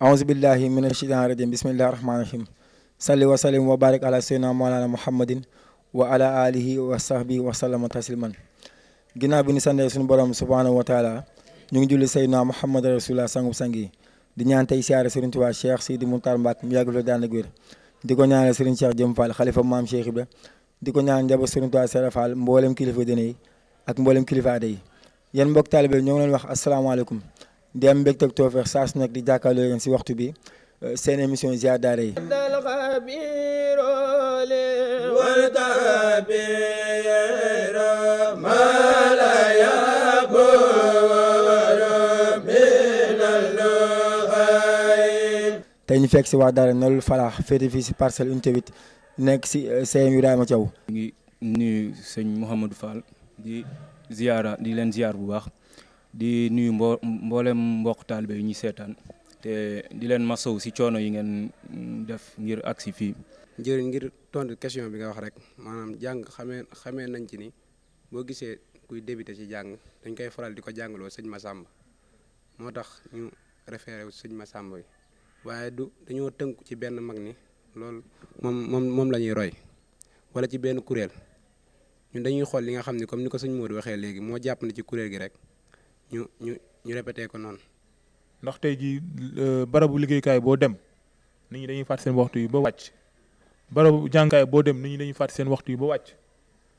aousubillahi min asheytaan rajim bismillahi rahmaani rahim salli wa sallim wa barik ala seydina mawlana muhammadin wa ala alihi wa sahbihi wa sallama tasliman ginnaaw bi ñu sandee suñu borom subhanahu wa taala ñu ngi julli seydina muhammad rasulullah sangub sang yi di ñaan tey siyaare Serigne Touba Cheikh Sidi Moutar Mbacke mu yàgg la daan ak wér di ko ñaanal Serigne Cheikh maam Cheikh Ibra di ko ñaan njaboot Serigne Touba Serap Fall mboolem kilifa dina yi ak mboolem kilifa aada yi yéen mbokk taalibe ñoo ngi leen wax asalaamaaleykum di am mbégte ak toofeex di jàkkaarloo si waxtu bi euh, seen émission ziar ñu fekk si waa daara Nurul Falaax féete fii si parcelle unité 8 nekk si CM eh, Ibrahima Thiaw. ñu ngi nuyu sëñ Mouhamadou Fall di ziara di leen ziar bu baax di nuyu mbo mboolem mbokk taalibe yi ñuy seetaan te di leen masow si coono yi ngeen mm, def ngir agsi fii. njëriñ ngir tontu question bi nga wax rek maanaam jàng xamee xamee nañ ci ni boo gisee kuy débuté ci jàng dañ koy faral di ko jàngaloo sëñ Massamba moo tax ñu référé wu sëñ Massamba yi waaye du dañoo tënku ci benn mag ni loolu moom moom la ñuy roy wala ci benn kuréel ñun dañuy xool li nga xam ni comme ni ko sëñ di waxee léegi moo jàpp na ci kuréel gi rek ñu ñu ñu répété ko noonu. ndax tey jii euh, barabu liggéeykaay boo dem nit ñi dañuy fàtt seen waxtu yi ba wàcc barabu jàngkaay boo dem ni ñi dañuy fàtt seen waxtu yi ba wàcc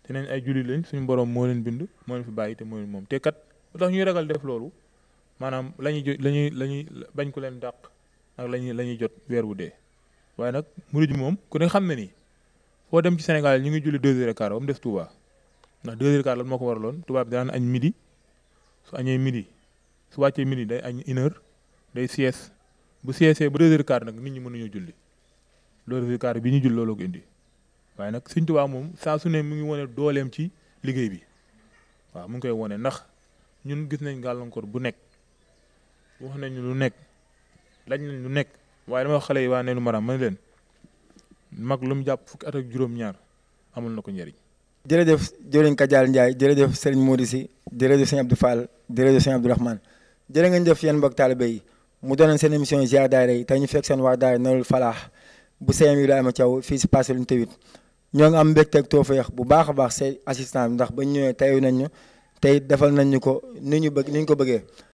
te neen ay jullit lañ suñu borom moo leen bind moo leen fi bàyyi te moo leen moom te kat lu tax ñuy ragal def loolu maanaam la ñuy la bañ ko leen dàq. nag lañuy la ñuy jot weer wu dee waaye nag murid bi moom ku ne xam ne ni foo dem ci Sénégal ñu ngi julli deux heures et quart ba mu des Touba ndax deux heures et moo ko waraloon Touba bi daan añ midi su añee midi su wàccee midi day añ une day sieste bu sieste ba deux heures nag nit ñi mënuñu julli deux heures et bi ñu jull looloo ko indi waaye nag suñ Touba moom saa su ne mu ngi wone dooleem ci liggéey bi waaw mu ngi koy wone ndax ñun gis nañ gàllankoor bu nekk wax nañ lu nekk. laaj nañ lu nekk waaye dama xale yi waa ne Maram ma ne leen mag lu mu jàpp fukki at ak juróom-ñaar amul na ko njëriñ. jërëjëf jëriñ Kadial Ndiaye jërëjëf Serigne Modou Sy jërëjëf sëñ Abdou Fall jërëjëf sëñ Abdou Rahman jërë ngeen jëf yéen mbokk taalibe yi mu doonoon seen émission ziar daara yi tey ñu fekk seen waa daara Nurul Falaax bu CM Ibrahima Thiaw fii si passé lu ñu tawit ñoo ngi am teg mbégteeg toofeex bu baax a baax say assistant ndax ba ñu ñëwee tayu nañ ñu tey defal nañ ñu ko ni ñu bëgg ni ko bëggee